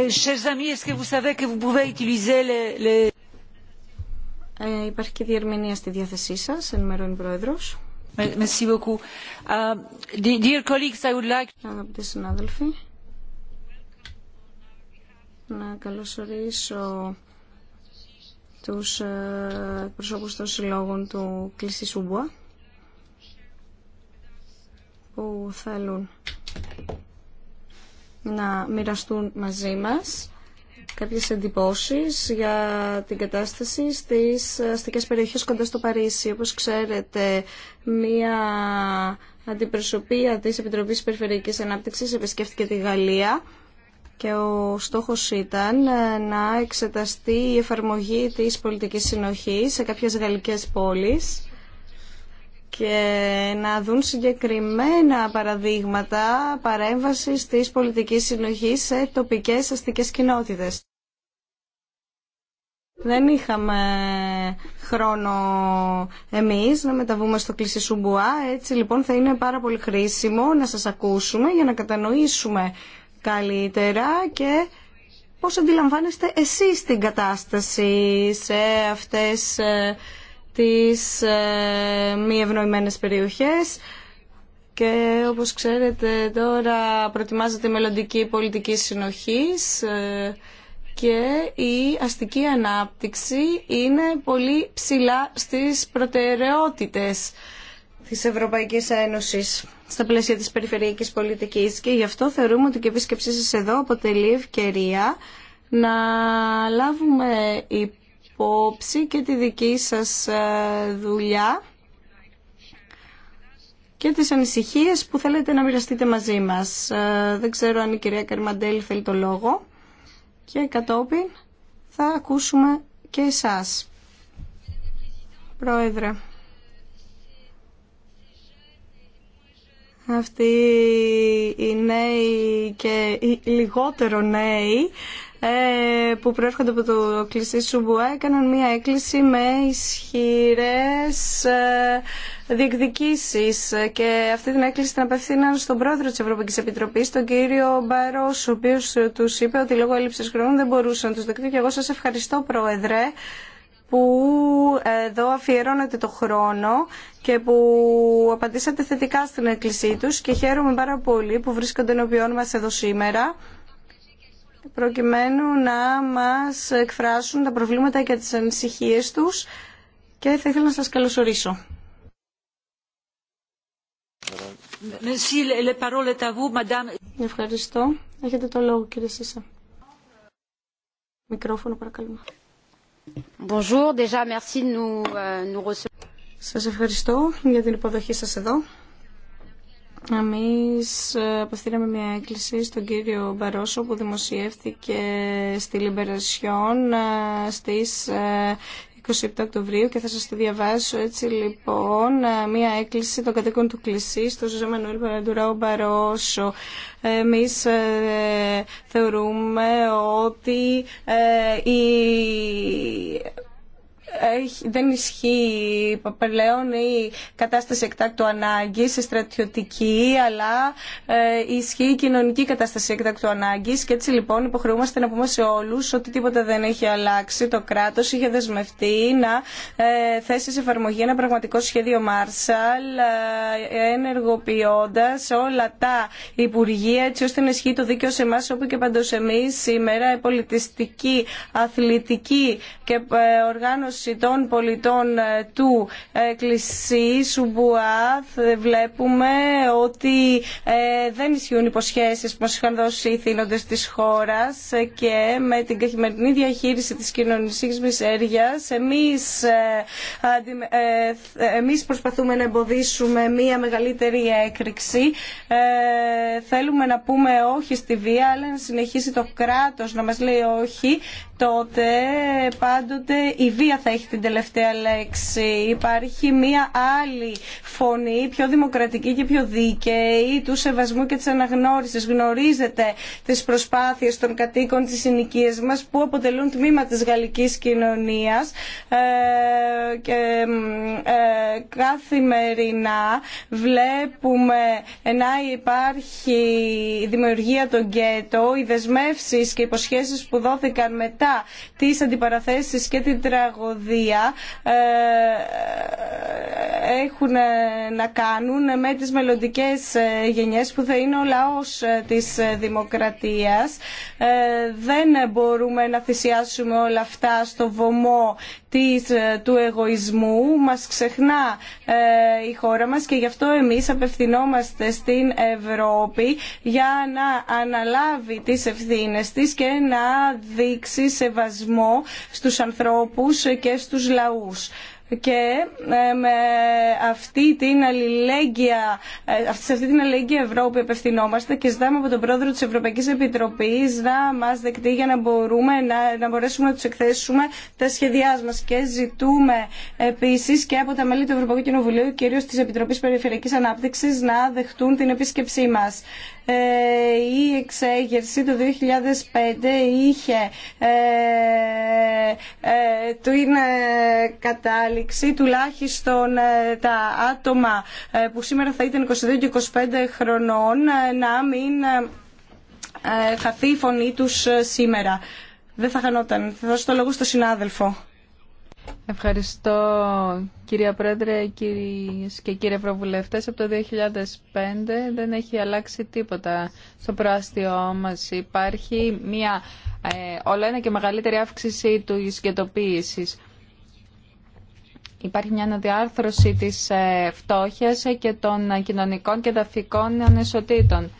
Ε, chers amis, est-ce que vous savez que vous pouvez utiliser les... Ε, υπάρχει και διερμηνία στη διάθεσή σας, ενημερώνει Πρόεδρος. Merci beaucoup. dear colleagues, I would like... Αγαπητοί συνάδελφοι, να καλωσορίσω τους ε, προσώπους των συλλόγων του Κλίσι Σούμπουα που θέλουν να μοιραστούν μαζί μας κάποιες εντυπώσεις για την κατάσταση στις αστικές περιοχές κοντά στο Παρίσι. Όπως ξέρετε, μία αντιπροσωπεία της Επιτροπής Περιφερειακής Ανάπτυξης επισκέφθηκε τη Γαλλία και ο στόχος ήταν ε, να εξεταστεί η εφαρμογή της πολιτικής συνοχής σε κάποιες γαλλικές πόλεις και να δουν συγκεκριμένα παραδείγματα παρέμβασης της πολιτικής συνοχής σε τοπικές αστικές κοινότητες. Δεν είχαμε χρόνο εμείς να μεταβούμε στο κλεισί Σουμπουά, έτσι λοιπόν θα είναι πάρα πολύ χρήσιμο να σας ακούσουμε για να κατανοήσουμε καλύτερα και πώς αντιλαμβάνεστε εσείς την κατάσταση σε αυτές ε, τις ε, μη ευνοημένες περιοχές και όπως ξέρετε τώρα προετοιμάζεται η μελλοντική πολιτική συνοχής ε, και η αστική ανάπτυξη είναι πολύ ψηλά στις προτεραιότητες της Ευρωπαϊκής Ένωσης στα πλαίσια της περιφερειακής πολιτικής και γι' αυτό θεωρούμε ότι και επίσκεψή σας εδώ αποτελεί ευκαιρία να λάβουμε υπόψη και τη δική σας ε, δουλειά και τις ανησυχίες που θέλετε να μοιραστείτε μαζί μας. Ε, δεν ξέρω αν η κυρία Καρμαντέλη θέλει το λόγο και κατόπιν θα ακούσουμε και εσάς. Πρόεδρε. Αυτοί οι νέοι και οι λιγότερο νέοι ε, που προέρχονται από το κλειστή Σουμπουά έκαναν μία έκκληση με ισχυρές ε, διεκδικήσεις και αυτή την έκκληση την απευθύναν στον πρόεδρο της Ευρωπαϊκής Επιτροπής, τον κύριο Μπαρός, ο οποίος τους είπε ότι λόγω έλλειψης χρόνου δεν μπορούσαν να τους δεκτεί και εγώ σας ευχαριστώ πρόεδρε που εδώ αφιερώνετε το χρόνο και που απαντήσατε θετικά στην έκκλησή τους και χαίρομαι πάρα πολύ που βρίσκονται ενώπιόν μας εδώ σήμερα προκειμένου να μας εκφράσουν τα προβλήματα και τις ανησυχίες τους και θα ήθελα να σας καλωσορίσω. Ευχαριστώ. Έχετε το λόγο κύριε Σίσα. Μικρόφωνο παρακαλώ. Bonjour, déjà merci de nous, euh, nous Σας ευχαριστώ για την υποδοχή σας εδώ. Εμεί ε, απευθύναμε μια έκκληση στον κύριο Μπαρόσο που δημοσιεύτηκε στη Λιμπερασιόν ε, στις 27 ε, Οκτωβρίου και θα σας τη διαβάσω έτσι λοιπόν μια έκκληση των κατοίκων του Κλεισί στο Ζωζέ Μανουέλ Παραντουράου Μπαρόσο. Εμείς θεωρούμε ότι δεν ισχύει πλέον η κατάσταση εκτάκτου ανάγκης, η στρατιωτική, αλλά ε, ισχύει η κοινωνική κατάσταση εκτάκτου ανάγκης και έτσι λοιπόν υποχρεούμαστε να πούμε σε όλους ότι τίποτα δεν έχει αλλάξει. Το κράτος είχε δεσμευτεί να ε, θέσει σε εφαρμογή ένα πραγματικό σχέδιο Μάρσαλ, ε, ενεργοποιώντα όλα τα Υπουργεία έτσι ώστε να ισχύει το δίκαιο σε εμά όπου και παντό εμεί σήμερα πολιτιστική, αθλητική και οργάνωση των πολιτών ε, του Εκκλησίου Μπουάθ ε, βλέπουμε ότι ε, δεν ισχύουν υποσχέσεις που μας είχαν δώσει οι θύνοντες της χώρας και με την καθημερινή διαχείριση της κοινωνικής μισέργειας εμείς, εμείς προσπαθούμε να εμποδίσουμε μία μεγαλύτερη έκρηξη θέλουμε να πούμε όχι στη βία αλλά να συνεχίσει το κράτος να μας λέει όχι τότε πάντοτε η βία θα έχει την τελευταία λέξη. Υπάρχει μία άλλη φωνή, πιο δημοκρατική και πιο δίκαιη, του σεβασμού και της αναγνώρισης. Γνωρίζετε τις προσπάθειες των κατοίκων της συνοικίας μας που αποτελούν τμήμα της γαλλικής κοινωνίας ε, και ε, καθημερινά βλέπουμε να υπάρχει η δημιουργία των γκέτο, οι δεσμεύσεις και υποσχέσεις που δόθηκαν μετά τι τις αντιπαραθέσεις και την τραγωδία ε, έχουν να κάνουν με τις μελλοντικέ ε, γενιές που θα είναι ο λαός ε, της δημοκρατίας. Δεν μπορούμε να θυσιάσουμε όλα αυτά στο βωμό ε, του εγωισμού μας ξεχνά ε, η χώρα μας και γι' αυτό εμείς απευθυνόμαστε στην Ευρώπη για να αναλάβει τις ευθύνες της και να δείξει σεβασμό στους ανθρώπους και στους λαούς και ε, με αυτή την αλληλέγγυα, ε, σε αυτή την αλληλέγγυα Ευρώπη απευθυνόμαστε και ζητάμε από τον πρόεδρο της Ευρωπαϊκής Επιτροπής να μας δεκτεί για να, μπορούμε, να, να μπορέσουμε να τους εκθέσουμε τα σχέδιά μας και ζητούμε επίσης και από τα μέλη του Ευρωπαϊκού Κοινοβουλίου κυρίως της Επιτροπής Περιφερειακής Ανάπτυξης να δεχτούν την επίσκεψή μας. Ε, η εξέγερση του 2005 είχε ε, ε, την κατάληξη τουλάχιστον τα άτομα που σήμερα θα ήταν 22 και 25 χρονών να μην χαθεί η φωνή τους σήμερα. Δεν θα χανόταν. Θα δώσω το λόγο στο συνάδελφο. Ευχαριστώ κυρία Πρόεδρε, κυρίες και κύριε Ευρωβουλευτέ. Από το 2005 δεν έχει αλλάξει τίποτα στο προάστιό μας. Υπάρχει μια ε, όλο ένα και μεγαλύτερη αύξηση του συγκετοποίησης. Υπάρχει μια αναδιάρθρωση της ε, φτώχειας και των κοινωνικών και ταφικών ανισοτήτων.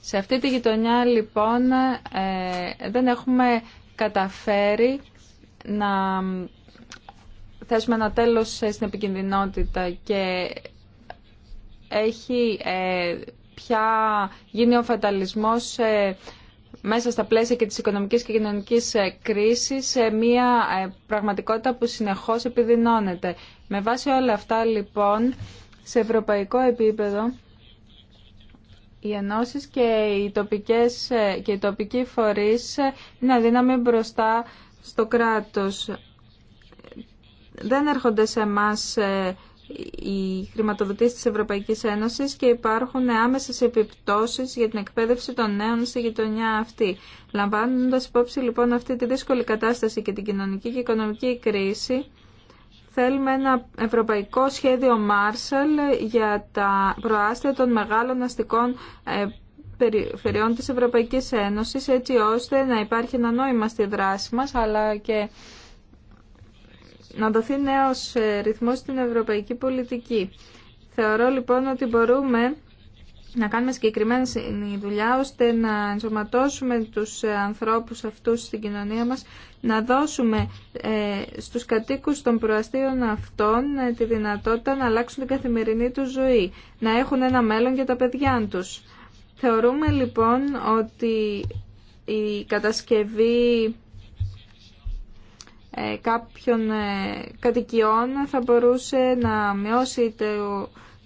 Σε αυτή τη γειτονιά λοιπόν ε, δεν έχουμε καταφέρει να θέσουμε ένα τέλος στην επικινδυνότητα και έχει ε, πια γίνει ο φαταλισμός ε, μέσα στα πλαίσια και της οικονομικής και κοινωνικής ε, κρίσης σε μια πραγματικότητα που συνεχώς επιδεινώνεται. Με βάση όλα αυτά λοιπόν, σε ευρωπαϊκό επίπεδο, οι ενώσεις και οι τοπικές και οι τοπικοί φορείς είναι αδύναμοι μπροστά στο κράτος. Δεν έρχονται σε εμά ε, οι χρηματοδοτήσεις της Ευρωπαϊκής Ένωσης και υπάρχουν άμεσες επιπτώσεις για την εκπαίδευση των νέων στη γειτονιά αυτή. Λαμβάνοντας υπόψη λοιπόν αυτή τη δύσκολη κατάσταση και την κοινωνική και οικονομική κρίση, θέλουμε ένα ευρωπαϊκό σχέδιο Marshall για τα προάστια των μεγάλων αστικών ε, περιφερειών της Ευρωπαϊκής Ένωσης έτσι ώστε να υπάρχει ένα νόημα στη δράση μας αλλά και να δοθεί νέος ε, ρυθμός στην ευρωπαϊκή πολιτική. Θεωρώ λοιπόν ότι μπορούμε να κάνουμε συγκεκριμένη δουλειά ώστε να ενσωματώσουμε τους ε, ανθρώπους αυτούς στην κοινωνία μας, να δώσουμε ε, στους κατοίκους των προαστίων αυτών τη δυνατότητα να αλλάξουν την καθημερινή τους ζωή, να έχουν ένα μέλλον για τα παιδιά τους. Θεωρούμε λοιπόν ότι η κατασκευή ε, κάποιων ε, κατοικιών θα μπορούσε να μειώσει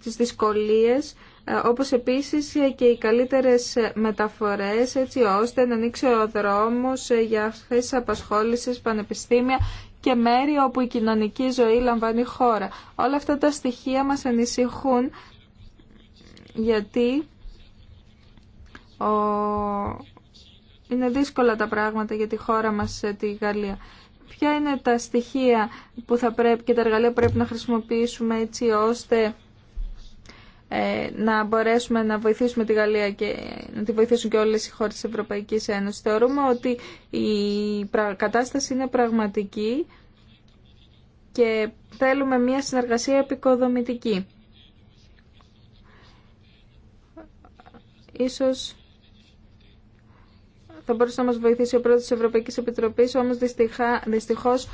τις δυσκολίες ε, όπως επίσης και οι καλύτερες μεταφορές έτσι ώστε να ανοίξει ο δρόμος για θέσεις απασχόλησης, πανεπιστήμια και μέρη όπου η κοινωνική ζωή λαμβάνει χώρα. Όλα αυτά τα στοιχεία μας ανησυχούν γιατί είναι δύσκολα τα πράγματα για τη χώρα μας, ε, τη Γαλλία. Ποια είναι τα στοιχεία που θα πρέπει και τα εργαλεία που πρέπει να χρησιμοποιήσουμε έτσι ώστε ε, να μπορέσουμε να βοηθήσουμε τη Γαλλία και να τη βοηθήσουν και όλες οι χώρες της Ευρωπαϊκής Ένωσης. Θεωρούμε ότι η κατάσταση είναι πραγματική και θέλουμε μια συνεργασία επικοδομητική. Ίσως θα μπορούσε να μας βοηθήσει ο πρόεδρος της Ευρωπαϊκής Επιτροπής, όμως δυστυχώ δυστυχώς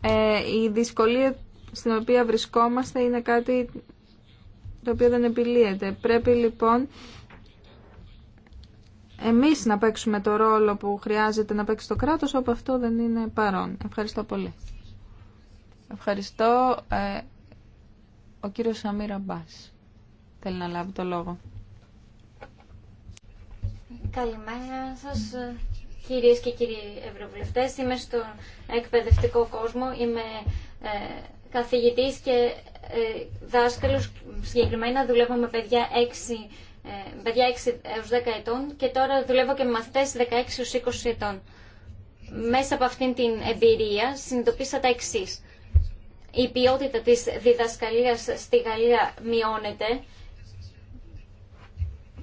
ε, η δυσκολία στην οποία βρισκόμαστε είναι κάτι το οποίο δεν επιλύεται. Πρέπει λοιπόν εμείς να παίξουμε το ρόλο που χρειάζεται να παίξει το κράτος, όπου αυτό δεν είναι παρόν. Ευχαριστώ πολύ. Ευχαριστώ. Ε, ο κύριος Σαμίρα Μπάς θέλει να λάβει το λόγο. Καλημέρα σας ε, κυρίες και κύριοι ευρωβουλευτές. Είμαι στον εκπαιδευτικό κόσμο. Είμαι ε, καθηγητής και ε, δάσκαλος. Συγκεκριμένα δουλεύω με παιδιά 6, ε, παιδιά 6 έως 10 ετών και τώρα δουλεύω και με μαθητές 16 έως 20 ετών. Μέσα από αυτήν την εμπειρία συνειδητοποίησα τα εξής. Η ποιότητα της διδασκαλίας στη Γαλλία μειώνεται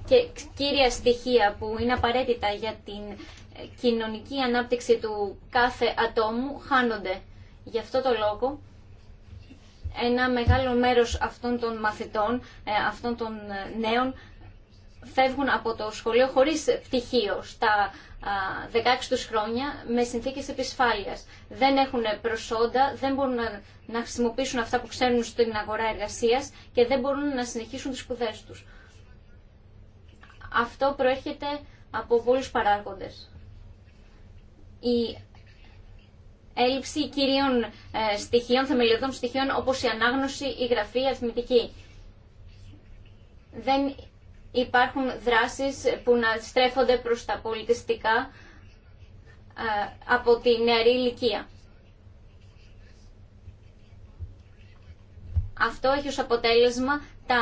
και κύρια στοιχεία που είναι απαραίτητα για την ε, κοινωνική ανάπτυξη του κάθε ατόμου χάνονται. Γι' αυτό το λόγο ένα μεγάλο μέρος αυτών των μαθητών, ε, αυτών των ε, νέων φεύγουν από το σχολείο χωρίς πτυχίο στα 16 τους χρόνια με συνθήκες επισφάλειας. Δεν έχουν προσόντα, δεν μπορούν να, να χρησιμοποιήσουν αυτά που ξέρουν στην αγορά εργασίας και δεν μπορούν να συνεχίσουν τις σπουδές τους. Αυτό προέρχεται από πολλούς παράγοντες. Η έλλειψη κυρίων ε, στοιχείων, θεμελιωδών στοιχείων, όπως η ανάγνωση, η γραφή, η αριθμητική. Δεν υπάρχουν δράσεις που να στρέφονται προς τα πολιτιστικά ε, από τη νεαρή ηλικία. Αυτό έχει ως αποτέλεσμα τα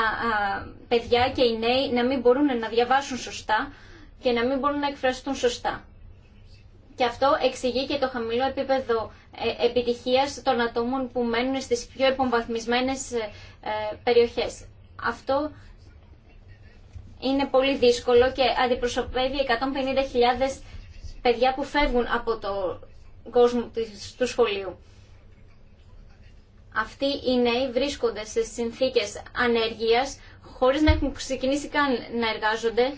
παιδιά και οι νέοι να μην μπορούν να διαβάσουν σωστά και να μην μπορούν να εκφραστούν σωστά. Και αυτό εξηγεί και το χαμηλό επίπεδο ε, επιτυχίας των ατόμων που μένουν στις πιο επομβαθμισμένες ε, ε, περιοχές. Αυτό είναι πολύ δύσκολο και αντιπροσωπεύει 150.000 παιδιά που φεύγουν από το κόσμο του σχολείου αυτοί οι νέοι βρίσκονται σε συνθήκες ανεργίας χωρίς να έχουν ξεκινήσει καν να εργάζονται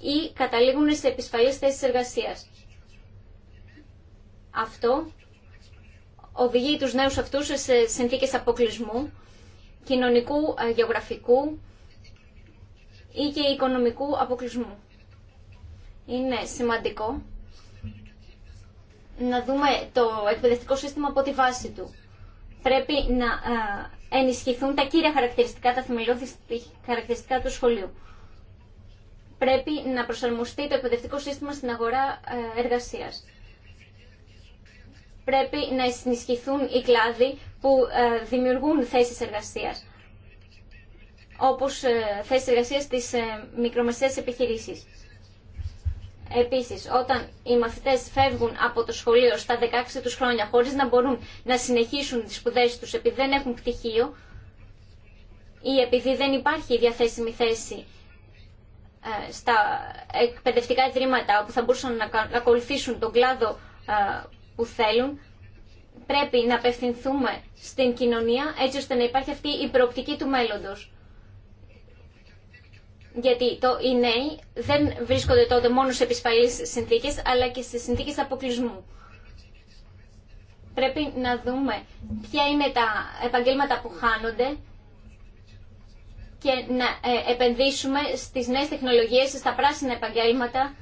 ή καταλήγουν σε επισφαλείς θέσεις εργασίας. Αυτό οδηγεί τους νέους αυτούς σε συνθήκες αποκλεισμού, κοινωνικού, ε, γεωγραφικού ή και οικονομικού αποκλεισμού. Είναι σημαντικό να δούμε το εκπαιδευτικό σύστημα από τη βάση του. Πρέπει να ε, ενισχυθούν τα κύρια χαρακτηριστικά, τα θεμελιώδη χαρακτηριστικά του σχολείου. Πρέπει να προσαρμοστεί το εκπαιδευτικό σύστημα στην αγορά ε, εργασίας. Πρέπει να ενισχυθούν οι κλάδοι που ε, δημιουργούν θέσεις εργασίας, όπως θέσεις εργασίας στις μικρομεσαίες επιχειρήσεις. Επίσης, όταν οι μαθητές φεύγουν από το σχολείο στα 16 τους χρόνια χωρίς να μπορούν να συνεχίσουν τις σπουδές τους επειδή δεν έχουν πτυχίο ή επειδή δεν υπάρχει διαθέσιμη θέση ε, στα εκπαιδευτικά ιδρύματα όπου θα μπορούσαν να ακολουθήσουν τον κλάδο ε, που θέλουν, πρέπει να απευθυνθούμε στην κοινωνία έτσι ώστε να υπάρχει αυτή η προοπτική του μέλλοντος γιατί το, οι νέοι δεν βρίσκονται τότε μόνο σε επισφαλείς συνθήκες, αλλά και σε συνθήκες αποκλεισμού. Πρέπει να δούμε ποια είναι τα επαγγέλματα που χάνονται και να ε, επενδύσουμε στις νέες τεχνολογίες, στα πράσινα επαγγέλματα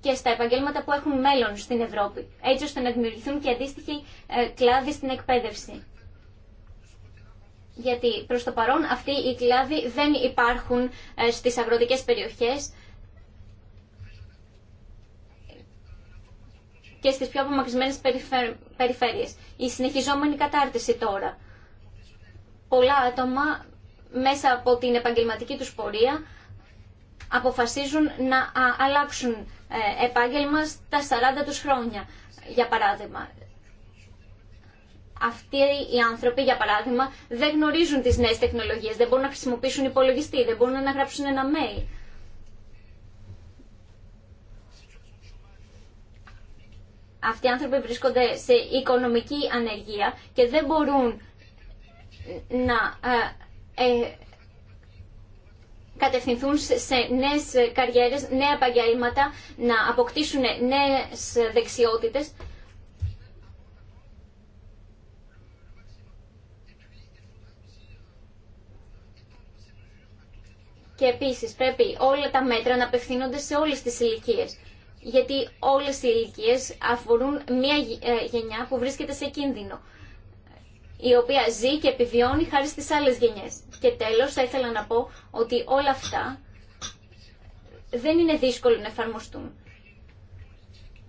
και στα επαγγέλματα που έχουν μέλλον στην Ευρώπη, έτσι ώστε να δημιουργηθούν και αντίστοιχοι ε, κλάδοι στην εκπαίδευση γιατί προς το παρόν αυτοί οι κλάδοι δεν υπάρχουν ε, στις αγροτικές περιοχές και στις πιο απομακρυσμένες περιφέρειες. Η συνεχιζόμενη κατάρτιση τώρα. Πολλά άτομα μέσα από την επαγγελματική τους πορεία αποφασίζουν να αλλάξουν ε, επάγγελμα στα 40 τους χρόνια, για παράδειγμα αυτοί οι άνθρωποι, για παράδειγμα, δεν γνωρίζουν τις νέες τεχνολογίες, δεν μπορούν να χρησιμοποιήσουν υπολογιστή, δεν μπορούν να γράψουν ένα mail. Αυτοί οι άνθρωποι βρίσκονται σε οικονομική ανεργία και δεν μπορούν να ε, ε κατευθυνθούν σε νέες καριέρες, νέα επαγγέλματα, να αποκτήσουν νέες δεξιότητες Και επίσης πρέπει όλα τα μέτρα να απευθύνονται σε όλες τις ηλικίε. Γιατί όλες οι ηλικίε αφορούν μια ε, γενιά που βρίσκεται σε κίνδυνο. Η οποία ζει και επιβιώνει χάρη στις άλλες γενιές. Και τέλος θα ήθελα να πω ότι όλα αυτά δεν είναι δύσκολο να εφαρμοστούν.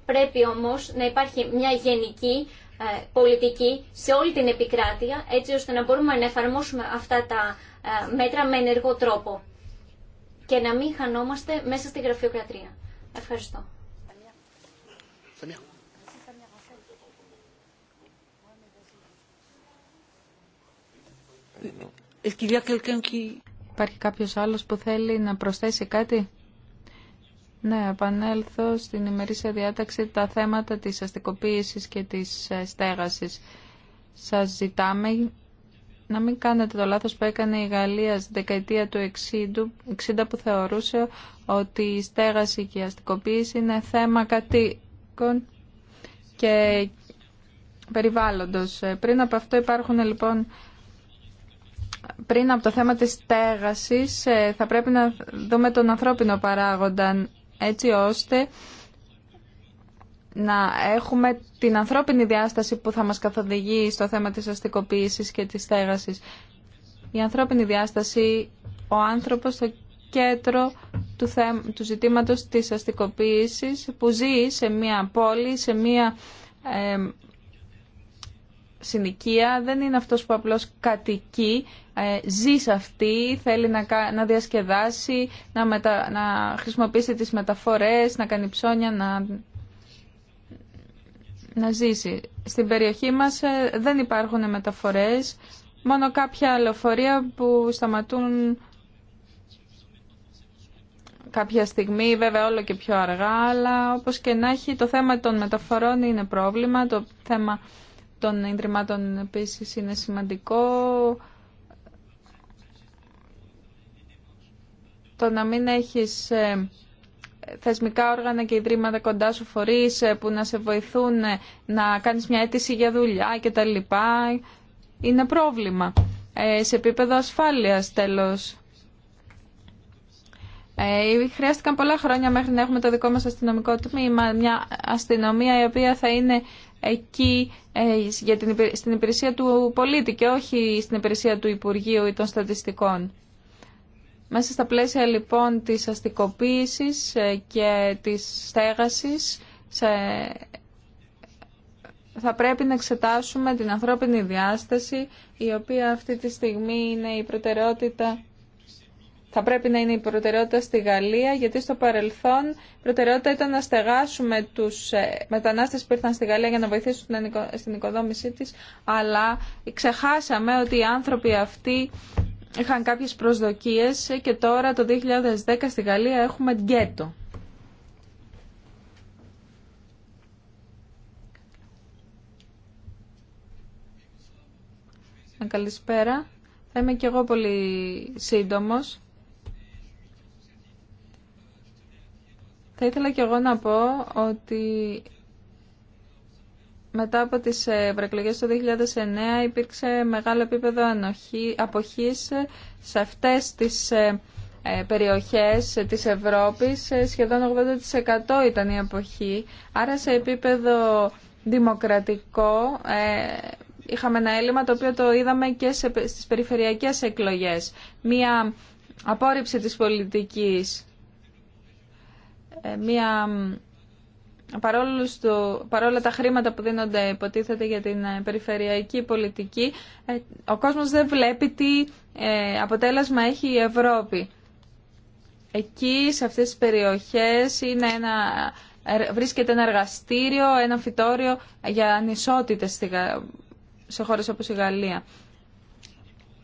Πρέπει όμως να υπάρχει μια γενική ε, πολιτική σε όλη την επικράτεια έτσι ώστε να μπορούμε να εφαρμόσουμε αυτά τα ε, μέτρα με ενεργό τρόπο και να μην χανόμαστε μέσα στη γραφειοκρατία. Ευχαριστώ. Ε, Υπάρχει κάποιος άλλος που θέλει να προσθέσει κάτι. Ναι, επανέλθω στην ημερήσια διάταξη τα θέματα της αστικοποίησης και της ε, στέγασης. Σας ζητάμε να μην κάνετε το λάθος που έκανε η Γαλλία στη δεκαετία του 60, 60 που θεωρούσε ότι η στέγαση και η αστικοποίηση είναι θέμα κατοίκων και περιβάλλοντος. Ε, πριν από αυτό υπάρχουν λοιπόν πριν από το θέμα της στέγασης ε, θα πρέπει να δούμε τον ανθρώπινο παράγοντα ε, έτσι ώστε να έχουμε την ανθρώπινη διάσταση που θα μας καθοδηγεί στο θέμα της αστικοποίησης και της στέγασης. Η ανθρώπινη διάσταση, ο άνθρωπος στο κέντρο του, του ζητήματος της αστικοποίησης που ζει σε μία πόλη, σε μία ε, συνοικία, δεν είναι αυτός που απλώς κατοικεί, ε, ζει σε αυτή, θέλει να, να διασκεδάσει, να, να χρησιμοποιήσει τις μεταφορές, να κάνει ψώνια, να να ζήσει. Στην περιοχή μας ε, δεν υπάρχουν μεταφορές, μόνο κάποια λεωφορεία που σταματούν κάποια στιγμή, βέβαια όλο και πιο αργά, αλλά όπως και να έχει το θέμα των μεταφορών είναι πρόβλημα, το θέμα των Ιδρυμάτων επίσης είναι σημαντικό. Το να μην έχεις ε, θεσμικά όργανα και ιδρύματα κοντά σου φορείς ε, που να σε βοηθούν ε, να κάνεις μια αίτηση για δουλειά και τα λοιπά είναι πρόβλημα. Ε, σε επίπεδο ασφάλειας τέλος. Ε, χρειάστηκαν πολλά χρόνια μέχρι να έχουμε το δικό μας αστυνομικό τμήμα, μια αστυνομία η οποία θα είναι εκεί για την, στην υπηρεσία του πολίτη και όχι στην υπηρεσία του Υπουργείου ή των Στατιστικών. Μέσα στα πλαίσια λοιπόν της αστικοποίησης ε, και της στέγασης θα πρέπει να εξετάσουμε την ανθρώπινη διάσταση η οποία αυτή τη στιγμή είναι η προτεραιότητα θα πρέπει να είναι η προτεραιότητα στη Γαλλία, γιατί στο παρελθόν η προτεραιότητα ήταν να στεγάσουμε τους ε, μετανάστες που ήρθαν στη Γαλλία για να βοηθήσουν στην οικοδόμησή της, αλλά ξεχάσαμε ότι οι άνθρωποι αυτοί είχαν κάποιες προσδοκίες και τώρα το 2010 στη Γαλλία έχουμε γκέτο. Ε, καλησπέρα. Θα είμαι και εγώ πολύ σύντομος. Θα ήθελα και εγώ να πω ότι μετά από τις ευρωεκλογέ του 2009 υπήρξε μεγάλο επίπεδο αποχής ε, σε αυτές τις ε, ε, περιοχές της Ευρώπης. Σχεδόν 80% ήταν η αποχή. Άρα σε επίπεδο δημοκρατικό είχαμε ένα έλλειμμα το οποίο το είδαμε και στις περιφερειακές εκλογές. Μία απόρριψη της πολιτικής, μία παρόλα τα χρήματα που δίνονται υποτίθεται για την ε, περιφερειακή πολιτική, ε, ο κόσμος δεν βλέπει τι ε, αποτέλεσμα έχει η Ευρώπη. Εκεί, σε αυτές τις περιοχές, είναι ένα, βρίσκεται ένα εργαστήριο, ένα φυτόριο για ανισότητες σε χώρες όπως η Γαλλία.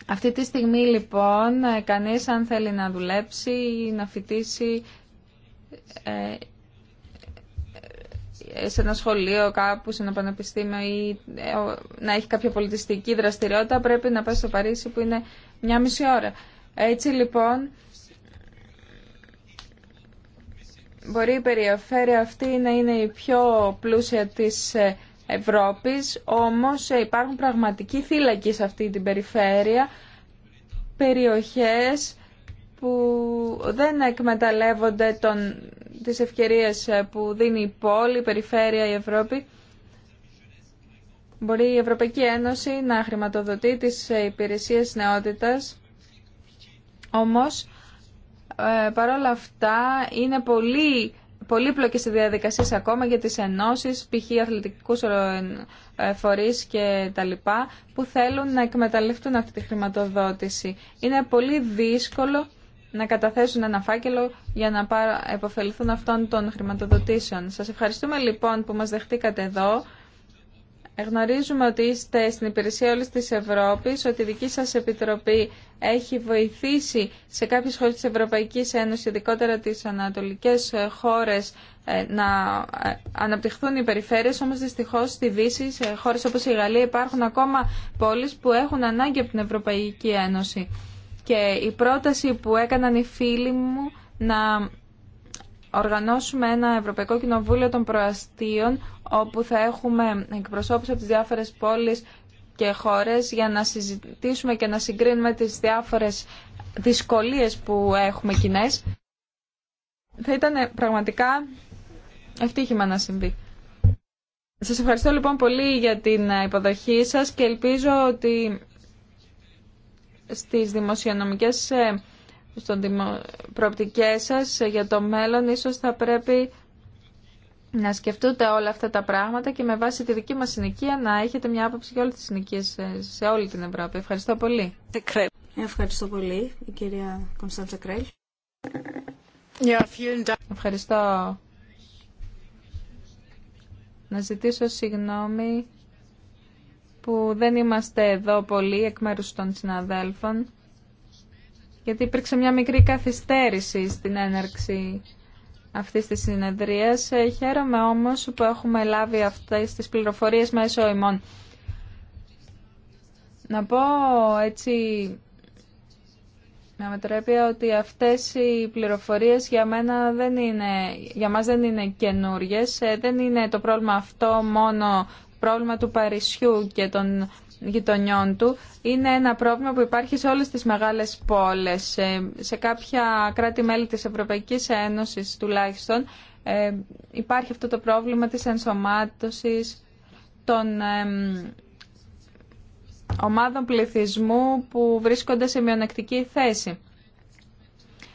Αυτή τη στιγμή λοιπόν κανείς αν θέλει να δουλέψει ή να φοιτήσει σε ένα σχολείο κάπου, σε ένα πανεπιστήμιο ή ε, να έχει κάποια πολιτιστική δραστηριότητα πρέπει να πάει στο Παρίσι που είναι μια μισή ώρα. Έτσι λοιπόν μπορεί η περιοφέρεια αυτή να είναι η πιο πλούσια της ε, Ευρώπης, όμως ε, υπάρχουν πραγματικοί θύλακοι σε αυτή την περιφέρεια, περιοχές που δεν εκμεταλλεύονται τον τις ευκαιρίες ε, που δίνει η πόλη, η περιφέρεια, η Ευρώπη. Μπορεί η Ευρωπαϊκή Ένωση να χρηματοδοτεί τις ε, υπηρεσίες νεότητας, όμως ε, παρόλα αυτά είναι πολύ πολύπλοκε οι διαδικασίες ακόμα για τις ενώσει, π.χ. αθλητικού φορείς και τα λοιπά, που θέλουν να εκμεταλλευτούν αυτή τη χρηματοδότηση. Είναι πολύ δύσκολο να καταθέσουν ένα φάκελο για να επωφεληθούν αυτών των χρηματοδοτήσεων. Σας ευχαριστούμε λοιπόν που μας δεχτήκατε εδώ. Γνωρίζουμε ότι είστε στην υπηρεσία όλης της Ευρώπης, ότι η δική σας Επιτροπή έχει βοηθήσει σε κάποιες χώρες της Ευρωπαϊκής Ένωσης, ειδικότερα τις ανατολικές χώρες, ε, να ε, αναπτυχθούν οι περιφέρειες, όμως δυστυχώς στη Δύση, σε χώρες όπως η Γαλλία, υπάρχουν ακόμα πόλεις που έχουν ανάγκη από την Ευρωπαϊκή Ένωση. Και η πρόταση που έκαναν οι φίλοι μου να οργανώσουμε ένα Ευρωπαϊκό Κοινοβούλιο των Προαστίων όπου θα έχουμε εκπροσώπους από τις διάφορες πόλεις και χώρες για να συζητήσουμε και να συγκρίνουμε τις διάφορες δυσκολίες που έχουμε κοινέ. Θα ήταν πραγματικά ευτύχημα να συμβεί. Σας ευχαριστώ λοιπόν πολύ για την υποδοχή σας και ελπίζω ότι στις δημοσιονομικές ε, στον δημο... προοπτικές σας ε, για το μέλλον ίσως θα πρέπει να σκεφτούτε όλα αυτά τα πράγματα και με βάση τη δική μας συνοικία να έχετε μια άποψη για όλες τις συνοικίες ε, σε όλη την Ευρώπη. Ευχαριστώ πολύ. Ευχαριστώ πολύ, η κυρία Κωνσταντζα Κρέλ. Ευχαριστώ. Να ζητήσω συγγνώμη που δεν είμαστε εδώ πολύ εκ μέρους των συναδέλφων, γιατί υπήρξε μια μικρή καθυστέρηση στην έναρξη αυτή της συνεδρία. Ε, χαίρομαι όμως που έχουμε λάβει αυτές τις πληροφορίες μέσω ημών. Να πω έτσι, να μετρέπει ότι αυτές οι πληροφορίες για μένα δεν είναι, για μας δεν είναι καινούριες. Ε, δεν είναι το πρόβλημα αυτό μόνο πρόβλημα του Παρισιού και των γειτονιών του είναι ένα πρόβλημα που υπάρχει σε όλες τις μεγάλες πόλες. Σε κάποια κράτη-μέλη της Ευρωπαϊκής Ένωσης τουλάχιστον ε, υπάρχει αυτό το πρόβλημα της ενσωμάτωσης των ομάδων πληθυσμού που βρίσκονται σε μειονεκτική θέση.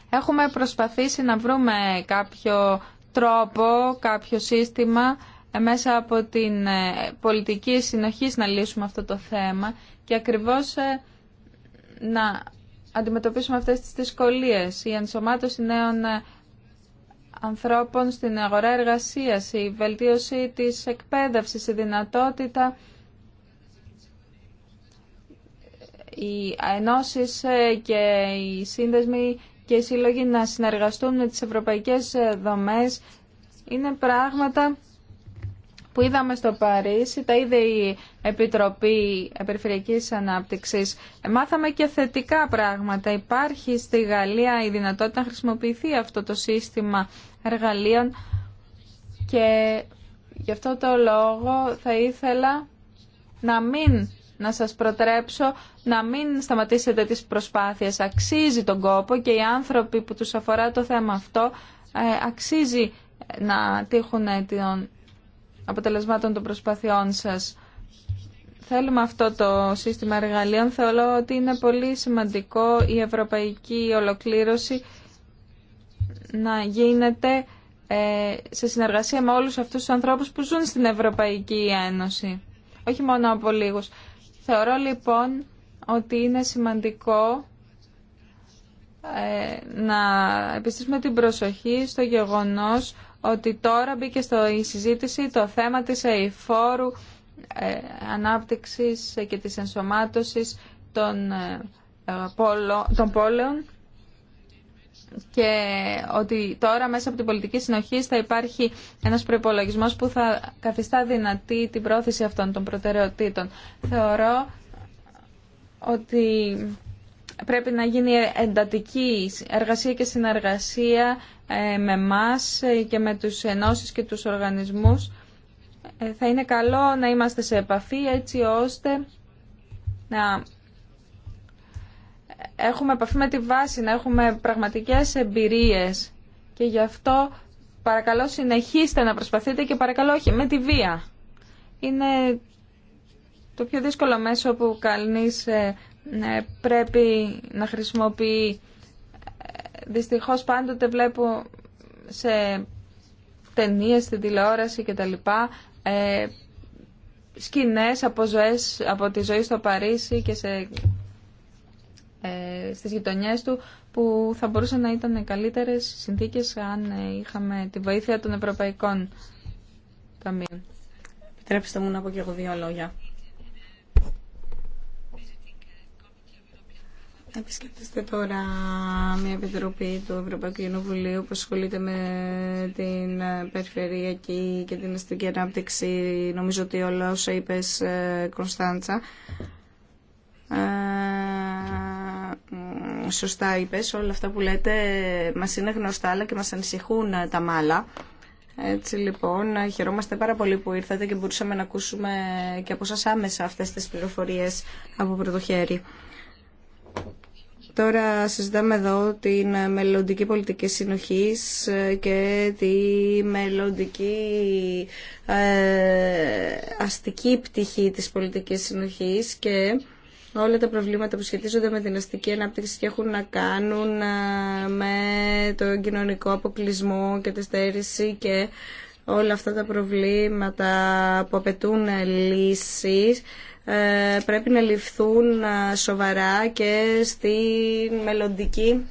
Έχουμε προσπαθήσει να βρούμε κάποιο τρόπο, κάποιο σύστημα μέσα από την ε, πολιτική συνοχή να λύσουμε αυτό το θέμα και ακριβώς ε, να αντιμετωπίσουμε αυτές τις δυσκολίες. Η ενσωμάτωση νέων ε, ανθρώπων στην αγορά εργασίας, η βελτίωση της εκπαίδευσης, η δυνατότητα οι ενώσει και οι σύνδεσμοι και οι σύλλογοι να συνεργαστούν με τις ευρωπαϊκές δομές είναι πράγματα που είδαμε στο Παρίσι, τα είδε η Επιτροπή Περιφερειακής Ανάπτυξης. Μάθαμε και θετικά πράγματα. Υπάρχει στη Γαλλία η δυνατότητα να χρησιμοποιηθεί αυτό το σύστημα εργαλείων και γι' αυτό το λόγο θα ήθελα να μην να σας προτρέψω να μην σταματήσετε τις προσπάθειες. Αξίζει τον κόπο και οι άνθρωποι που τους αφορά το θέμα αυτό ε, αξίζει να τύχουν αποτελεσμάτων των προσπαθειών σας. Θέλουμε αυτό το σύστημα εργαλείων. Θεωρώ ότι είναι πολύ σημαντικό η ευρωπαϊκή ολοκλήρωση να γίνεται ε, σε συνεργασία με όλους αυτούς τους ανθρώπους που ζουν στην Ευρωπαϊκή Ένωση. Όχι μόνο από λίγους. Θεωρώ λοιπόν ότι είναι σημαντικό ε, να επιστήσουμε την προσοχή στο γεγονός ότι τώρα μπήκε στο, η συζήτηση το θέμα της ειφόρου ε, ανάπτυξης και της ενσωμάτωσης των, ε, ε, των πόλεων και ότι τώρα μέσα από την πολιτική συνοχή θα υπάρχει ένας προϋπολογισμός που θα καθιστά δυνατή την πρόθεση αυτών των προτεραιοτήτων. Θεωρώ ότι πρέπει να γίνει εντατική εργασία και συνεργασία ε, με εμά ε, και με τους ενώσεις και τους οργανισμούς ε, θα είναι καλό να είμαστε σε επαφή έτσι ώστε να έχουμε επαφή με τη βάση, να έχουμε πραγματικές εμπειρίες και γι' αυτό παρακαλώ συνεχίστε να προσπαθείτε και παρακαλώ όχι με τη βία. Είναι το πιο δύσκολο μέσο που κανείς πρέπει να χρησιμοποιεί δυστυχώς πάντοτε βλέπω σε ταινίες, στην τηλεόραση κτλ. Ε, σκηνές από, ζωές, από τη ζωή στο Παρίσι και σε, ε, στις γειτονιές του που θα μπορούσαν να ήταν καλύτερες συνθήκες αν ε, είχαμε τη βοήθεια των Ευρωπαϊκών Ταμείων. Επιτρέψτε μου να πω και εγώ δύο λόγια. Επισκέπτεστε τώρα μια επιτροπή του Ευρωπαϊκού Κοινοβουλίου που ασχολείται με την περιφερειακή και την αστική ανάπτυξη. Νομίζω ότι όλα όσα είπε, ε, Κωνσταντσα, ε, σωστά είπε, όλα αυτά που λέτε μα είναι γνωστά αλλά και μα ανησυχούν ε, τα μάλα. Έτσι λοιπόν, χαιρόμαστε πάρα πολύ που ήρθατε και μπορούσαμε να ακούσουμε και από σας άμεσα αυτές τις πληροφορίες από πρωτοχέρι. Τώρα συζητάμε εδώ την μελλοντική πολιτική συνοχής και τη μελλοντική ε, αστική πτυχή της πολιτικής συνοχής και όλα τα προβλήματα που σχετίζονται με την αστική ανάπτυξη και έχουν να κάνουν ε, με το κοινωνικό αποκλεισμό και τη στέρηση και όλα αυτά τα προβλήματα που απαιτούν λύσεις ε, πρέπει να ληφθούν ε, σοβαρά και στη μελλοντική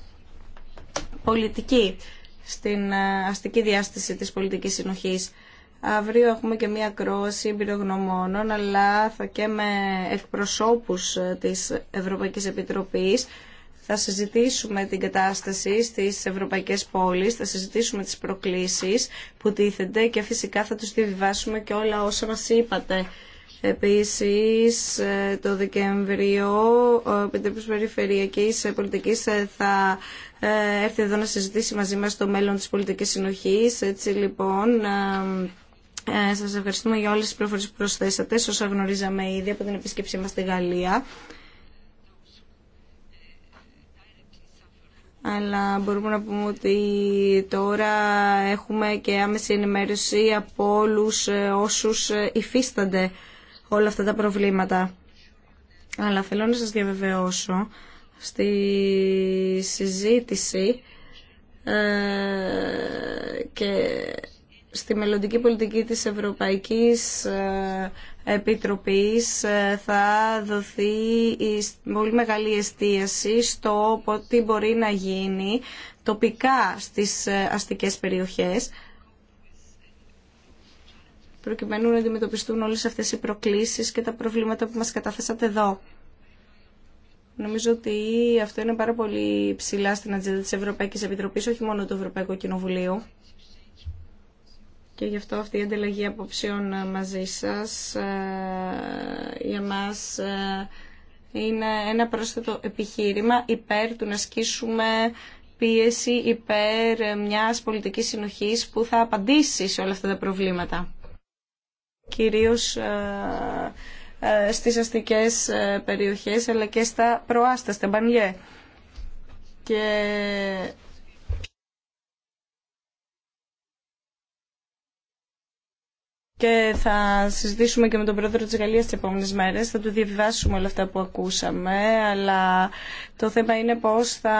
πολιτική, στην ε, αστική διάστηση της πολιτικής συνοχής. Αύριο έχουμε και μία κρόση εμπειρογνωμόνων, αλλά θα και με εκπροσώπους της Ευρωπαϊκής Επιτροπής θα συζητήσουμε την κατάσταση στις ευρωπαϊκές πόλεις, θα συζητήσουμε τις προκλήσεις που τίθενται και φυσικά θα τους διαβιβάσουμε και όλα όσα μας είπατε. Επίσης, ε, το Δεκέμβριο, ο Επιτροπής Περιφερειακής Πολιτικής ε, θα ε, έρθει εδώ να συζητήσει μαζί μας το μέλλον της πολιτικής συνοχής. Έτσι λοιπόν, σας ευχαριστούμε για όλες τις πληροφορίες που προσθέσατε, όσα γνωρίζαμε ήδη από την επίσκεψή μας στη Γαλλία. αλλά μπορούμε να πούμε ότι τώρα έχουμε και άμεση ενημέρωση από όλους ε, όσους ε, υφίστανται όλα αυτά τα προβλήματα. Αλλά θέλω να σας διαβεβαιώσω στη συζήτηση ε, και στη μελλοντική πολιτική της Ευρωπαϊκής ε, Επιτροπής ε, θα δοθεί η πολύ μεγάλη εστίαση στο τι μπορεί να γίνει τοπικά στις ε, αστικές περιοχές προκειμένου να αντιμετωπιστούν όλες αυτές οι προκλήσεις και τα προβλήματα που μας καταθέσατε εδώ. Νομίζω ότι αυτό είναι πάρα πολύ ψηλά στην ατζέντα της Ευρωπαϊκής Επιτροπής, όχι μόνο του Ευρωπαϊκού Κοινοβουλίου και γι' αυτό αυτή η ανταλλαγή απόψεων μαζί σας ε, για μας ε, είναι ένα πρόσθετο επιχείρημα υπέρ του να ασκήσουμε πίεση υπέρ μιας πολιτικής συνοχής που θα απαντήσει σε όλα αυτά τα προβλήματα. Κυρίως ε, στις αστικές περιοχές αλλά και στα προάστα, στα μπανιέ. Και και θα συζητήσουμε και με τον πρόεδρο της Γαλλίας τις επόμενες μέρες. Θα του διαβιβάσουμε όλα αυτά που ακούσαμε, αλλά το θέμα είναι πώς θα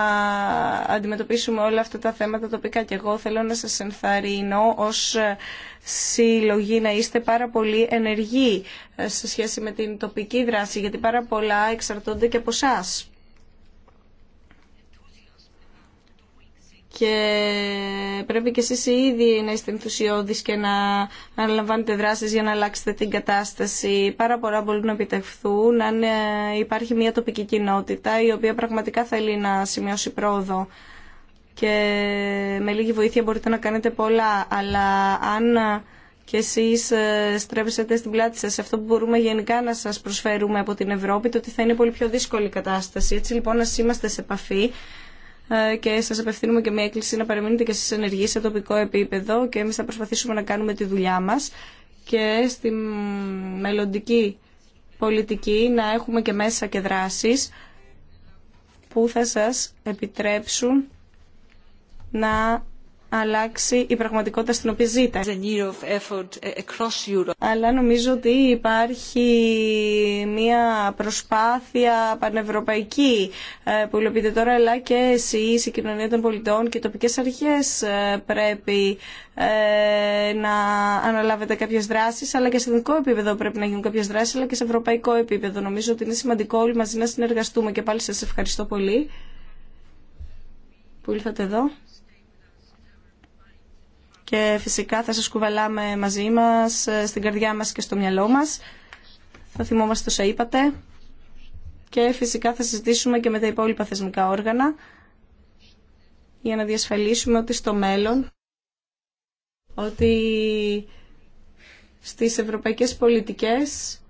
αντιμετωπίσουμε όλα αυτά τα θέματα τοπικά. Και εγώ θέλω να σας ενθαρρύνω ως συλλογή να είστε πάρα πολύ ενεργοί ε, σε σχέση με την τοπική δράση, γιατί πάρα πολλά εξαρτώνται και από εσάς. και πρέπει και εσείς οι ίδιοι να είστε ενθουσιώδεις και να αναλαμβάνετε δράσεις για να αλλάξετε την κατάσταση. Πάρα πολλά μπορούν να επιτευχθούν αν ε, υπάρχει μια τοπική κοινότητα η οποία πραγματικά θέλει να σημειώσει πρόοδο και με λίγη βοήθεια μπορείτε να κάνετε πολλά, αλλά αν ε, και εσείς ε, στρέψετε στην πλάτη σας αυτό που μπορούμε γενικά να σας προσφέρουμε από την Ευρώπη, το ότι θα είναι πολύ πιο δύσκολη η κατάσταση. Έτσι λοιπόν να είμαστε σε επαφή ε, και σας απευθύνουμε και μια έκκληση να παραμείνετε και σε ενεργοί σε τοπικό επίπεδο και εμείς θα προσπαθήσουμε να κάνουμε τη δουλειά μας και στη μελλοντική πολιτική να έχουμε και μέσα και δράσει που θα σας επιτρέψουν να αλλάξει η πραγματικότητα στην οποία ζείτε. Uh, αλλά νομίζω ότι υπάρχει μια προσπάθεια πανευρωπαϊκή ε, που υλοποιείται τώρα, αλλά και εσείς, η κοινωνία των πολιτών και οι τοπικές αρχές ε, πρέπει ε, να αναλάβετε κάποιες δράσεις, αλλά και σε εθνικό επίπεδο πρέπει να γίνουν κάποιες δράσεις, αλλά και σε ευρωπαϊκό επίπεδο. Νομίζω ότι είναι σημαντικό όλοι μαζί να συνεργαστούμε και πάλι σας ευχαριστώ πολύ που ήλθατε εδώ και φυσικά θα σας κουβαλάμε μαζί μας, ε, στην καρδιά μας και στο μυαλό μας. Θα θυμόμαστε όσα είπατε και φυσικά θα συζητήσουμε και με τα υπόλοιπα θεσμικά όργανα για να διασφαλίσουμε ότι στο μέλλον ότι στις ευρωπαϊκές πολιτικές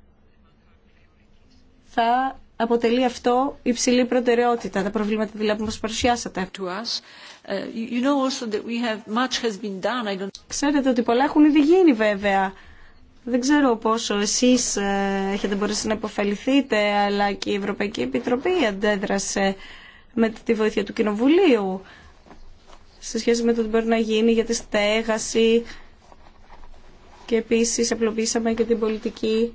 θα αποτελεί αυτό υψηλή προτεραιότητα, τα προβλήματα δηλαδή που μας παρουσιάσατε. Uh, Ξέρετε ότι πολλά έχουν ήδη γίνει βέβαια. Δεν ξέρω πόσο εσείς ε, έχετε μπορέσει να υποφεληθείτε, αλλά και η Ευρωπαϊκή Επιτροπή αντέδρασε με τη βοήθεια του Κοινοβουλίου σε σχέση με το τι μπορεί να γίνει για τη στέγαση και επίσης απλοποίησαμε και την πολιτική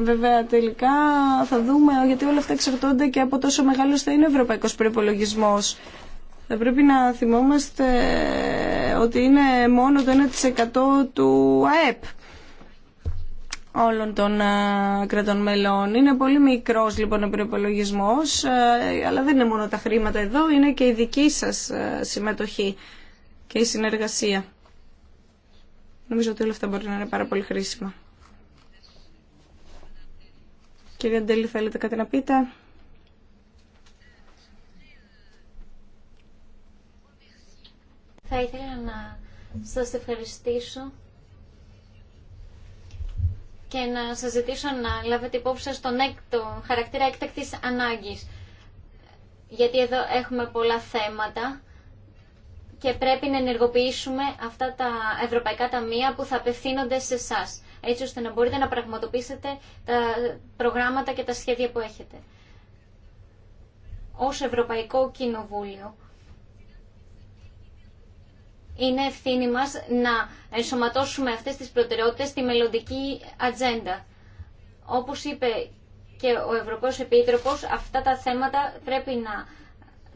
Βέβαια τελικά θα δούμε γιατί όλα αυτά εξαρτώνται και από τόσο μεγάλο θα είναι ο ευρωπαϊκός προπολογισμό. Θα πρέπει να θυμόμαστε ότι είναι μόνο το 1% του ΑΕΠ όλων των κρατών μελών. Είναι πολύ μικρός λοιπόν ο προπολογισμό, αλλά δεν είναι μόνο τα χρήματα εδώ, είναι και η δική σας συμμετοχή και η συνεργασία. Νομίζω ότι όλα αυτά μπορεί να είναι πάρα πολύ χρήσιμα. Κύριε Ντέλη, θέλετε κάτι να πείτε. Θα ήθελα να σας ευχαριστήσω και να σας ζητήσω να λάβετε υπόψη σας τον, χαρακτήρα έκτακτης ανάγκης. Γιατί εδώ έχουμε πολλά θέματα και πρέπει να ενεργοποιήσουμε αυτά τα ευρωπαϊκά ταμεία που θα απευθύνονται σε εσάς έτσι ώστε να μπορείτε να πραγματοποιήσετε τα προγράμματα και τα σχέδια που έχετε. Ως Ευρωπαϊκό Κοινοβούλιο είναι ευθύνη μας να ενσωματώσουμε αυτές τις προτεραιότητες στη μελλοντική ατζέντα. Όπως είπε και ο Ευρωπαίος Επίτροπος, αυτά τα θέματα πρέπει να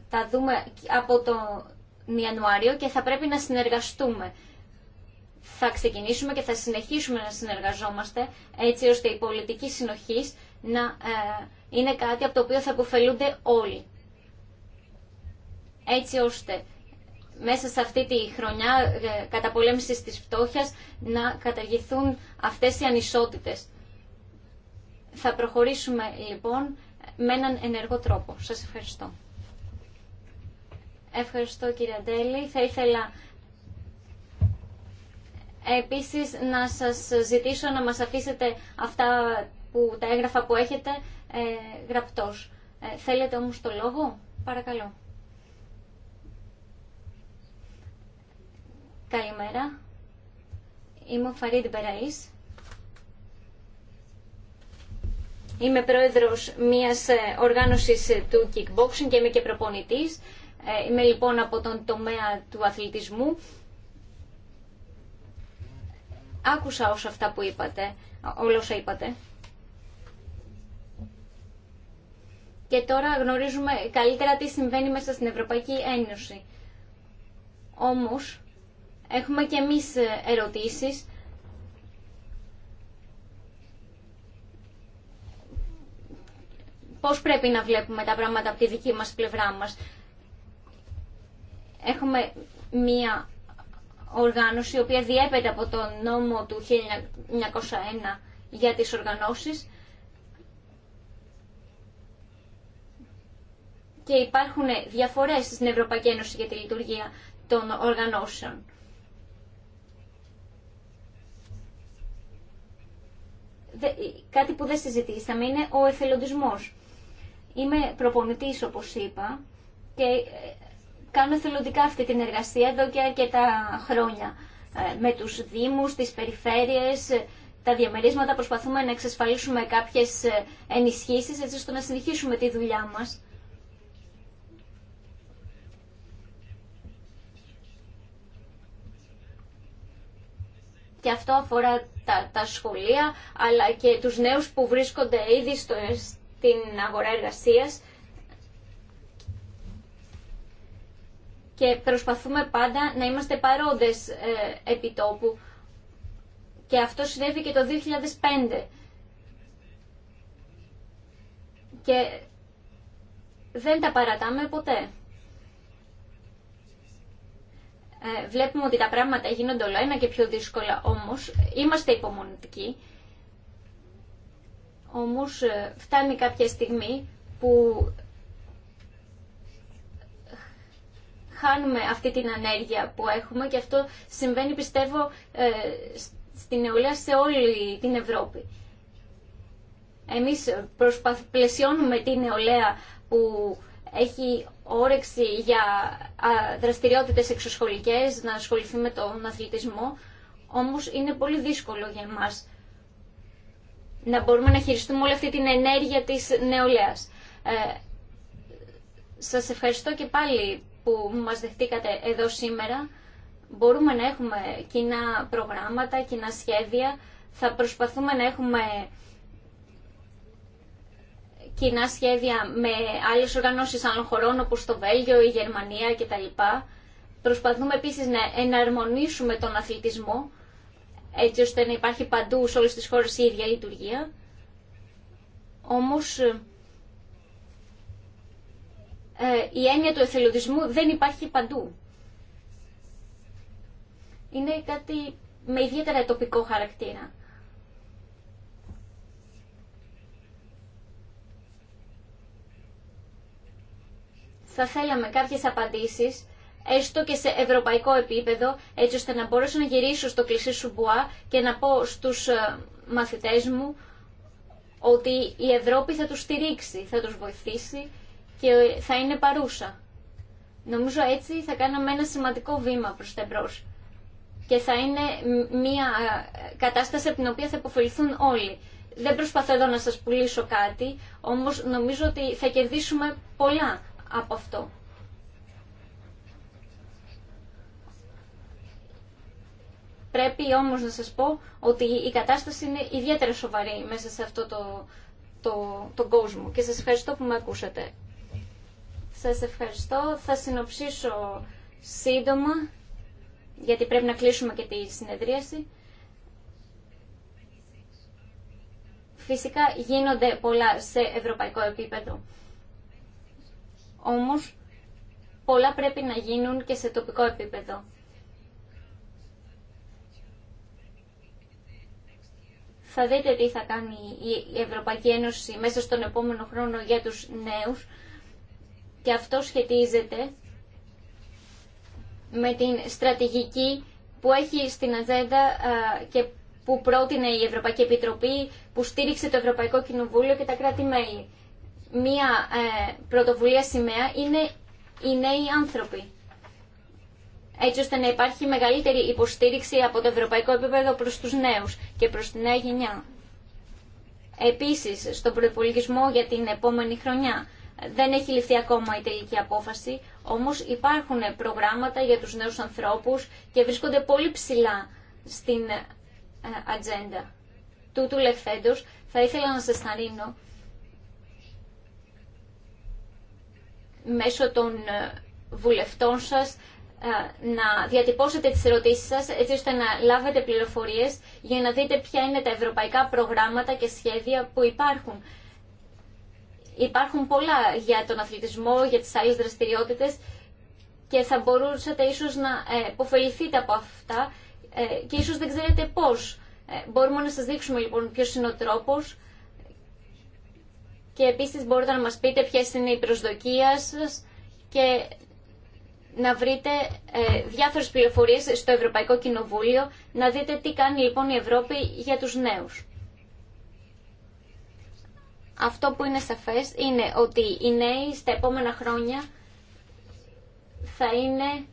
τα δούμε από τον Ιανουάριο και θα πρέπει να συνεργαστούμε θα ξεκινήσουμε και θα συνεχίσουμε να συνεργαζόμαστε έτσι ώστε η πολιτική συνοχής να ε, είναι κάτι από το οποίο θα αποφελούνται όλοι. Έτσι ώστε μέσα σε αυτή τη χρονιά ε, καταπολέμησης της φτώχειας να καταργηθούν αυτές οι ανισότητες. Θα προχωρήσουμε λοιπόν με έναν ενεργό τρόπο. Σας ευχαριστώ. Ευχαριστώ κύριε Αντέλη. Θα ήθελα Επίσης, να σας ζητήσω να μας αφήσετε αυτά που τα έγγραφα που έχετε ε, γραπτός. Ε, θέλετε όμως το λόγο, παρακαλώ. Καλημέρα. Είμαι ο Φαρίντ Μπεραής. Είμαι πρόεδρος μιας ε, οργάνωσης ε, του kickboxing και είμαι και προπονητής. Είμαι λοιπόν από τον τομέα του αθλητισμού άκουσα όσα αυτά που είπατε, όλα όσα είπατε. Και τώρα γνωρίζουμε καλύτερα τι συμβαίνει μέσα στην Ευρωπαϊκή Ένωση. Όμως, έχουμε και εμείς ερωτήσεις πώς πρέπει να βλέπουμε τα πράγματα από τη δική μας πλευρά μας. Έχουμε μία οργάνωση η οποία διέπεται από τον νόμο του 1901 για τις οργανώσεις και υπάρχουν διαφορές στην Ευρωπαϊκή Ένωση για τη λειτουργία των οργανώσεων. Κάτι που δεν συζητήσαμε είναι ο εθελοντισμός. Είμαι προπονητής, όπως είπα, και ε, κάνουμε θελοντικά αυτή την εργασία εδώ και αρκετά χρόνια. Ε, με τους δήμους, τις περιφέρειες, τα διαμερίσματα προσπαθούμε να εξασφαλίσουμε κάποιες ε, ενισχύσεις έτσι ώστε να συνεχίσουμε τη δουλειά μας. και αυτό αφορά τα, τα σχολεία αλλά και τους νέους που βρίσκονται ήδη στην αγορά εργασίας και προσπαθούμε πάντα να είμαστε παρόντες ε, τόπου Και αυτό συνέβη και το 2005. Και δεν τα παρατάμε ποτέ. Ε, βλέπουμε ότι τα πράγματα γίνονται όλο ένα και πιο δύσκολα, όμως είμαστε υπομονητικοί. Όμως ε, φτάνει κάποια στιγμή που χάνουμε αυτή την ανέργεια που έχουμε και αυτό συμβαίνει πιστεύω ε, στην νεολαία σε όλη την Ευρώπη. Εμείς προσπαθ, πλαισιώνουμε την νεολαία που έχει όρεξη για δραστηριότητες εξωσχολικές, να ασχοληθεί με τον αθλητισμό, όμως είναι πολύ δύσκολο για εμάς να μπορούμε να χειριστούμε όλη αυτή την ενέργεια της νεολαίας. Ε, σας ευχαριστώ και πάλι που μας δεχτήκατε εδώ σήμερα. Μπορούμε να έχουμε κοινά προγράμματα, κοινά σχέδια. Θα προσπαθούμε να έχουμε κοινά σχέδια με άλλες οργανώσεις άλλων χωρών όπως το Βέλγιο, η Γερμανία κτλ. Προσπαθούμε επίσης να εναρμονίσουμε τον αθλητισμό έτσι ώστε να υπάρχει παντού σε όλες τις χώρες η ίδια λειτουργία. Όμως ε, η έννοια του εθελοντισμού δεν υπάρχει παντού. Είναι κάτι με ιδιαίτερα τοπικό χαρακτήρα. Θα θέλαμε κάποιες απαντήσεις, έστω και σε ευρωπαϊκό επίπεδο, έτσι ώστε να μπορέσω να γυρίσω στο κλεισί Σουμπουά και να πω στους ε, μαθητές μου ότι η Ευρώπη θα τους στηρίξει, θα τους βοηθήσει και θα είναι παρούσα. Νομίζω έτσι θα κάναμε ένα σημαντικό βήμα προς τα εμπρός. Και θα είναι μια ε, κατάσταση από την οποία θα υποφεληθούν όλοι. Δεν προσπαθώ εδώ να σας πουλήσω κάτι, όμως νομίζω ότι θα κερδίσουμε πολλά από αυτό. Πρέπει όμως να σας πω ότι η κατάσταση είναι ιδιαίτερα σοβαρή μέσα σε αυτό το, το, τον κόσμο και σας ευχαριστώ που με ακούσατε. Σας ευχαριστώ. Θα συνοψίσω σύντομα, γιατί πρέπει να κλείσουμε και τη συνεδρίαση. Φυσικά γίνονται πολλά σε ευρωπαϊκό επίπεδο. Όμως, πολλά πρέπει να γίνουν και σε τοπικό επίπεδο. Θα δείτε τι θα κάνει η Ευρωπαϊκή Ένωση μέσα στον επόμενο χρόνο για τους νέους και αυτό σχετίζεται με την στρατηγική που έχει στην ατζέντα και που πρότεινε η Ευρωπαϊκή Επιτροπή, που στήριξε το Ευρωπαϊκό Κοινοβούλιο και τα κράτη-μέλη. Μία ε, πρωτοβουλία σημαία είναι οι νέοι άνθρωποι. Έτσι ώστε να υπάρχει μεγαλύτερη υποστήριξη από το ευρωπαϊκό επίπεδο προς τους νέους και προς τη νέα γενιά. Επίσης, στον προπολογισμό για την επόμενη χρονιά δεν έχει ληφθεί ακόμα η τελική απόφαση, όμως υπάρχουν προγράμματα για τους νέους ανθρώπους και βρίσκονται πολύ ψηλά στην ε, ατζέντα. Τούτου λεχθέντος, θα ήθελα να σας θαρρύνω μέσω των ε, βουλευτών σας ε, να διατυπώσετε τις ερωτήσεις σας έτσι ώστε να λάβετε πληροφορίες για να δείτε ποια είναι τα ευρωπαϊκά προγράμματα και σχέδια που υπάρχουν Υπάρχουν πολλά για τον αθλητισμό, για τις άλλες δραστηριότητες και θα μπορούσατε ίσως να ε, υποφεληθείτε από αυτά ε, και ίσως δεν ξέρετε πώς. Ε, μπορούμε να σας δείξουμε λοιπόν ποιος είναι ο τρόπος και επίσης μπορείτε να μας πείτε ποιες είναι οι προσδοκία σας και να βρείτε διάφορες πληροφορίες στο Ευρωπαϊκό Κοινοβούλιο, να δείτε τι κάνει λοιπόν η Ευρώπη για τους νέους αυτό που είναι σαφές είναι ότι οι νέοι στα επόμενα χρόνια θα είναι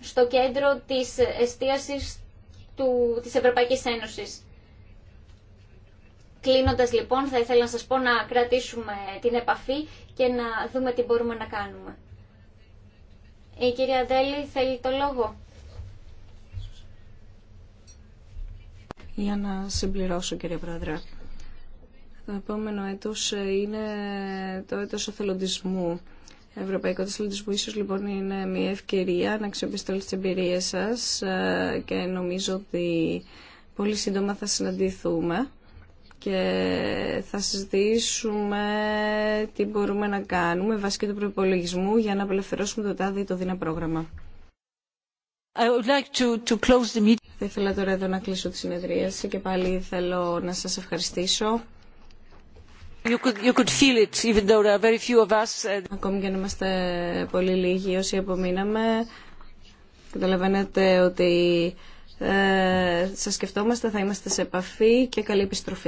στο κέντρο της εστίασης του, της Ευρωπαϊκής Ένωσης. Κλείνοντας λοιπόν, θα ήθελα να σας πω να κρατήσουμε την επαφή και να δούμε τι μπορούμε να κάνουμε. Η κυρία Δέλη θέλει το λόγο. Για να συμπληρώσω κύριε Πρόεδρε. Το επόμενο έτος είναι το έτος εθελοντισμού. Ευρωπαϊκό Εθελοντισμού ίσως λοιπόν είναι μια ευκαιρία να αξιοποιήσετε τις εμπειρίες σας ε, και νομίζω ότι πολύ σύντομα θα συναντηθούμε και θα συζητήσουμε τι μπορούμε να κάνουμε βάσει και του προπολογισμού για να απελευθερώσουμε το τάδι το δίνα πρόγραμμα. I would like to, to close the θα ήθελα τώρα εδώ να κλείσω τη συνεδρίαση και πάλι θέλω να σας ευχαριστήσω. Ακόμη και αν είμαστε πολύ λίγοι όσοι απομείναμε, καταλαβαίνετε ότι ε, σας σκεφτόμαστε, θα είμαστε σε επαφή και καλή επιστροφή.